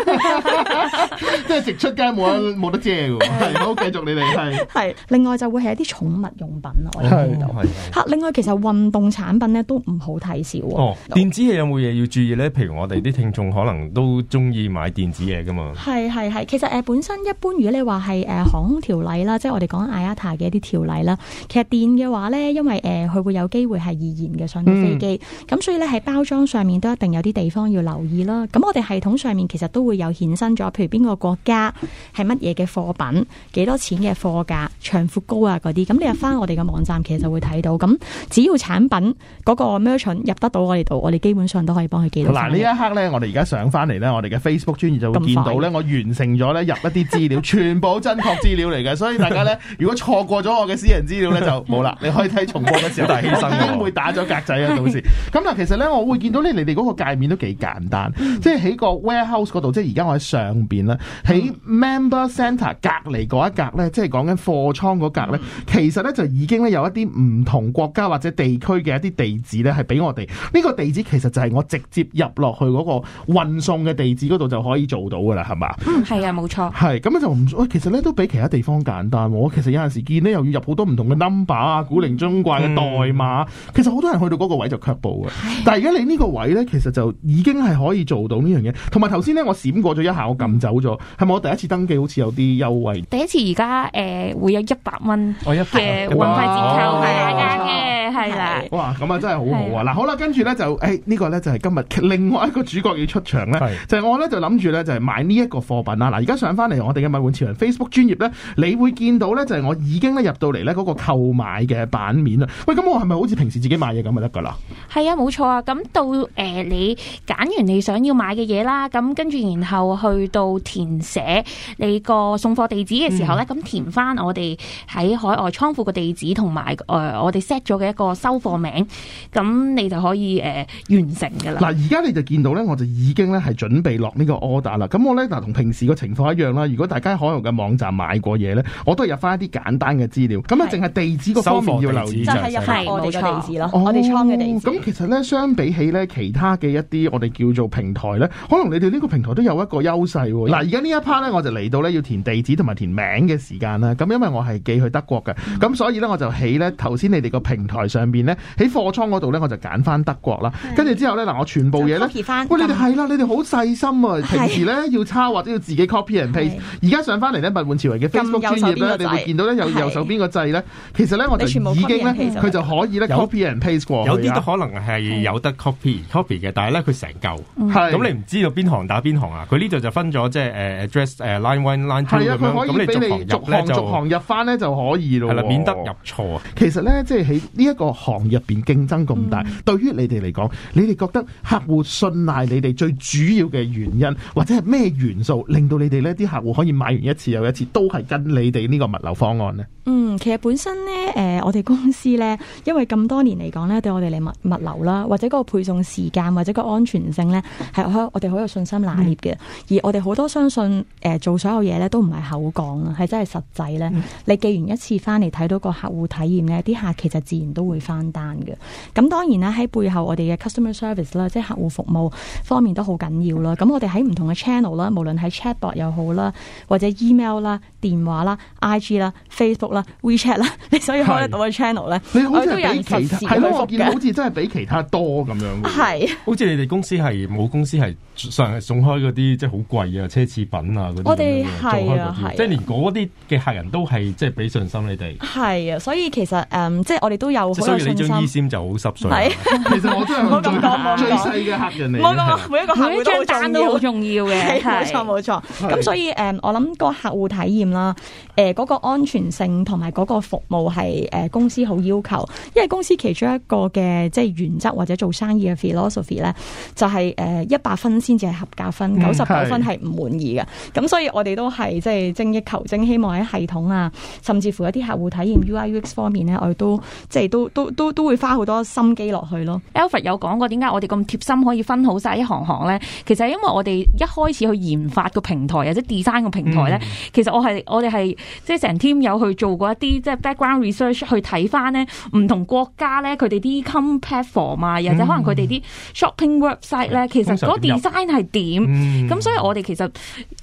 (laughs) (laughs) 即係直出街冇得冇得遮喎。係， (laughs) 好繼續你哋係另外就會係一啲寵物用品咯，喺呢度嚇。是是是另外其實運動產品咧都唔好睇少喎。電子嘢有冇嘢要注意咧？譬如我哋啲聽眾可能都中意買電子嘢㗎嘛。係係係。其實誒本身一般如果你話係誒航空條例啦、嗯，即係我哋講 AirTag 嘅一啲條例啦，其實電嘅話咧，因為誒佢、呃、會有機會係易燃嘅上到飛機，咁、嗯、所以咧喺包裝上面都一定有啲地方要留意啦。咁我哋系統上面其實都會有衍生咗，譬如邊個國家係乜嘢嘅貨品，幾多錢嘅貨價，長闊高啊嗰啲。咁你入翻我哋嘅網站，其實就會睇到。咁只要產品嗰、嗰個 merchant 入得到我哋度，我哋基本上都可以幫佢寄到。嗱呢一刻咧，我哋而家上翻嚟咧，我哋嘅 Facebook 專頁就會見到咧，我完成咗咧入一啲資料， (laughs) 全部真確資料嚟嘅，所以大家咧如果錯。過咗我嘅私人資料咧就冇啦，你可以睇重播嘅時候 (laughs) 大犧牲，應該 (laughs) 會打咗格仔啊！到時，咁 (laughs) 嗱，其實咧我會見到咧你哋嗰個界面都幾簡單，嗯、即係喺個 warehouse 嗰度，即係而家我喺上邊啦，喺、嗯、member center 隔籬嗰一格咧，即係講緊貨倉嗰格咧， (laughs) 其實咧就已經咧有一啲唔同國家或者地區嘅一啲地址咧係俾我哋呢、這個地址，其實就係我直接入落去嗰個運送嘅地址嗰度就可以做到噶啦，係嘛？嗯，係啊，冇錯，係咁就唔，其實咧都比其他地方簡單。我其實有陣時。又要入好多唔同嘅 number 啊、嗯、古靈精怪嘅代碼，嗯、其實好多人去到嗰個位就卻步嘅。但係而家你呢個位咧，其實就已經係可以做到呢樣嘢。同埋頭先咧，我閃過咗一下，我撳走咗，係咪我第一次登記好似有啲優惠？第一次而家誒會有一百蚊嘅運費折扣係大家嘅。係啦，哇，咁啊真係好好啊！嗱，好啦，啊，跟住咧就，誒、哎、呢、這個咧就係今日另外一個主角要出場咧，就係、是、我咧就諗住咧就係買呢一個貨品啦，嗱，而家上翻嚟我哋嘅物玩潮人 Facebook 專頁咧，你會見到咧就係我已經咧入到嚟咧嗰個購買嘅版面啦。喂，咁我係咪好似平時自己買嘢咁就得噶啦？係啊，冇錯啊。咁到誒、呃，你揀完你想要買嘅嘢啦，咁跟住然後去到填寫你個送貨地址嘅時候咧，咁、嗯、填翻我哋喺海外倉庫嘅地址同埋誒，我哋 set 咗嘅一個。個收貨名，咁你就可以誒、呃、完成噶啦。嗱，而家你就見到咧，我就已經咧係準備落呢個 order 啦。咁我咧嗱，同平時個情況一樣啦。如果大家喺海外嘅網站買過嘢咧，我都係入翻一啲簡單嘅資料。咁啊，淨係地址方面、收貨、要留意，就係我哋嘅地址咯，我哋倉嘅地址。咁、哦哦、其實咧，相比起咧其他嘅一啲我哋叫做平台咧，可能你哋呢個平台都有一個優勢。嗱，而家呢一 part 咧，我就嚟到咧要填地址同埋填名嘅時間啦。咁因為我係寄去德國嘅，咁、嗯、所以咧我就起咧頭先你哋個平台上。上邊咧喺貨倉嗰度咧，我就揀翻德國啦。跟住之後咧，嗱我全部嘢咧 copy 翻。喂、哎，你哋係啦，你哋好細心啊！平時咧要抄或者要自己 copy and paste。而家上翻嚟咧，物玩潮人嘅 Facebook 專頁咧，你會見到咧有右手邊個掣咧，其實咧我就已經咧，佢就可以咧 copy and paste 過。有啲都可能係有得 copy copy 嘅，但係咧佢成嚿。咁，嗯嗯、你唔知道邊行打邊行啊？佢呢度就分咗即係誒 address 誒、uh, line one line two 咁、啊。你佢可以俾你逐行,呢逐,行逐行入翻咧就可以咯、啊。免得入錯其實咧，即係喺呢一這個行業入邊競爭咁大，嗯、對於你哋嚟講，你哋覺得客戶信賴你哋最主要嘅原因，或者係咩元素令到你哋呢啲客戶可以買完一次又一次，都係跟你哋呢個物流方案呢？嗯，其實本身呢，誒、呃，我哋公司呢，因為咁多年嚟講呢，對我哋嚟物物流啦，或者個配送時間或者個安全性呢，係我哋好有信心拿捏嘅、嗯。而我哋好多相信誒、呃，做所有嘢呢，都唔係口講啊，係真係實際呢。嗯、你寄完一次翻嚟睇到個客戶體驗呢，啲客其實自然都。會翻單嘅，咁當然啦，喺背後我哋嘅 customer service 啦，即係客戶服務方面都好緊要啦。咁我哋喺唔同嘅 channel 啦，無論喺 chatbox 又好啦，或者 email 啦、電話啦、IG 啦、Facebook 啦、WeChat 啦，你所以開得到嘅 channel 咧，你都有人及係咪發現好似真係比其他多咁樣？係，好似你哋公司係冇公司係上送開嗰啲即係好貴啊、奢侈品啊嗰啲，做開嗰啲，即係連嗰啲嘅客人都係即係俾信心你哋。係啊，所以其實誒、嗯，即係我哋都有。有信心，所以你張依先就好濕碎。 (laughs) 其實我都係唔做嘅，最細嘅客人嚟嘅，每一個客每張單都好重要嘅，冇錯冇錯。咁、嗯、所以誒、嗯，我諗個客戶體驗啦，誒、呃、嗰、那個安全性同埋嗰個服務係誒、呃、公司好要求，因為公司其中一個嘅即係原則或者做生意嘅 philosophy 咧、就是，就係誒一百分先至係合格分，九十九分係唔滿意嘅。咁所以我哋都係即係精益求精，希望喺系統啊，甚至乎一啲客戶體驗 UIUX 方面咧，我哋都即係都。都都都會花好多心機落去咯。Alfred 有講過點解我哋咁貼心可以分好晒一行行咧？其實係因為我哋一開始去研發個平台或者 design 個平台咧，嗯、其實我係我哋係即係成 team 有去做過一啲即係 background research 去睇翻咧，唔同國家咧，佢哋啲 com e platform 啊，format，或者可能佢哋啲 shopping website 咧、嗯，其實嗰 design 係點？咁、嗯、所以我哋其實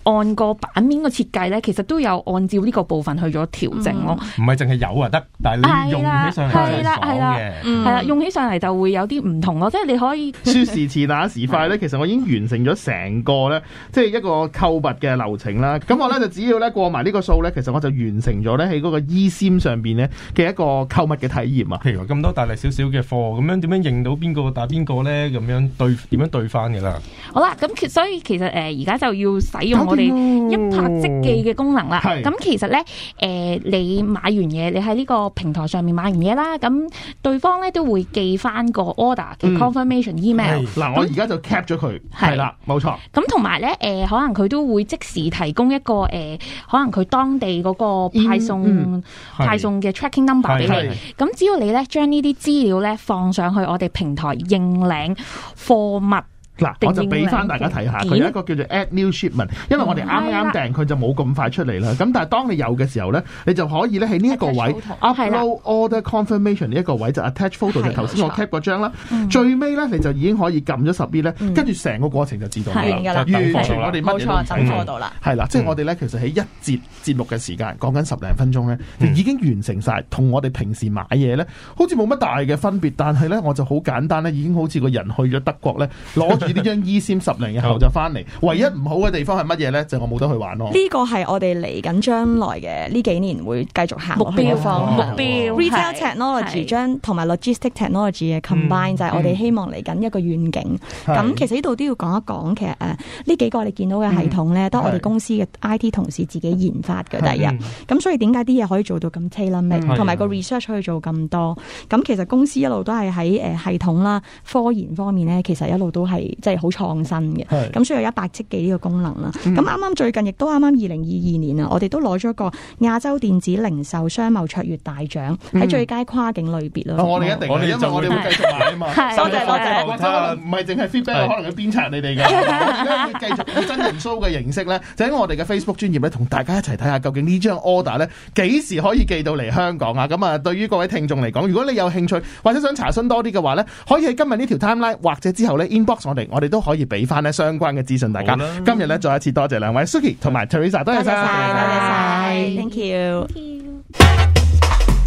按個版面嘅設計咧，其實都有按照呢個部分去咗調整咯。唔係淨係有啊得，但係你用起上嚟係啦、啊，係啦、嗯啊，用起上嚟就會有啲唔同咯，即、嗯、係、就是、你可以說時遲那時快咧， (laughs) 其實我已經完成咗成個咧，即、就、係、是、一個購物嘅流程啦。咁我咧就只要咧過埋呢個數咧，其實我就完成咗咧喺嗰個依、e、SIM 上邊咧嘅一個購物嘅體驗啊。譬如話咁多大嚟少少嘅貨，咁樣點樣認到邊個打邊個咧？咁樣對點樣對翻噶啦？好啦，咁所以其實誒而家就要使用我哋一拍即寄嘅功能啦。咁其實咧，誒、呃、你買完嘢，你喺呢個平台上面買完嘢啦，咁。對方咧都會寄翻個 order 嘅 confirmation email，嗯。嗱，我而家就 cap 咗佢，係啦，冇錯。咁同埋咧，誒、呃，可能佢都會即時提供一個誒、呃，可能佢當地嗰個派送、嗯嗯、派送嘅 tracking number 俾你。咁只要你咧將呢啲資料咧放上去我哋平台認領貨物。嗱，我就俾翻大家睇下，佢有一個叫做 add new shipment，因為我哋啱啱訂佢就冇咁快出嚟啦。咁但係當你有嘅時候咧，你就可以咧喺呢一個位名名 upload order confirmation 呢一個位就 attach photo 就頭、是、先我 cap 嗰張啦、嗯。最尾咧你就已經可以撳咗十 b i 咧，跟住成個過程就自動完全我哋冇錯，完成到啦。係啦，即、就、係、是、我哋咧其實喺一節節目嘅時間講緊十零分鐘咧，就已經完成晒。同、嗯、我哋平時買嘢咧，好似冇乜大嘅分別。但係咧我就好簡單咧，已經好似個人去咗德國咧攞咗。嗯呢 (laughs) 啲張 E 先十零，然後就翻嚟。唯一唔好嘅地方係乜嘢咧？就我冇得去玩咯。呢個係我哋嚟緊將來嘅呢幾年會繼續行目標方目標。Retail、哦、technology 將同埋 logistic technology 嘅 combine、嗯、就係、是、我哋希望嚟緊一個願景。咁、嗯、其實呢度都要講一講，其實呢、呃、幾個我哋見到嘅系統咧，都係我哋公司嘅 IT 同事自己研發嘅第一。咁、嗯、所以點解啲嘢可以做到咁 tailormade？同埋個 research 可以做咁多。咁其實公司一路都係喺誒系統啦、科研方面咧，其實一路都係。即係好創新嘅，咁所以有一百積記呢個功能啦。咁啱啱最近亦都啱啱二零二二年啊，我哋都攞咗個亞洲電子零售商貿卓越大獎喺最佳跨境類別咯、嗯嗯。我哋一定，因為我哋就我哋會繼續買啊嘛。多謝多謝黃，唔係淨係 feedback 可能去鞭策你哋嘅， (laughs) 我繼續以真人 show 嘅形式咧，就喺我哋嘅 Facebook 專頁咧，同大家一齊睇下究竟呢張 order 咧幾時可以寄到嚟香港啊？咁啊，對於各位聽眾嚟講，如果你有興趣或者想查詢多啲嘅話咧，可以喺今日呢條 timeline 或者之後咧 inbox 我哋。我哋都可以俾翻咧相關嘅資訊，大家今日咧再一次多謝兩位 Suki 同埋 Teresa，多謝晒，多謝晒。Thank you。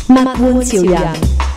物玩潮人。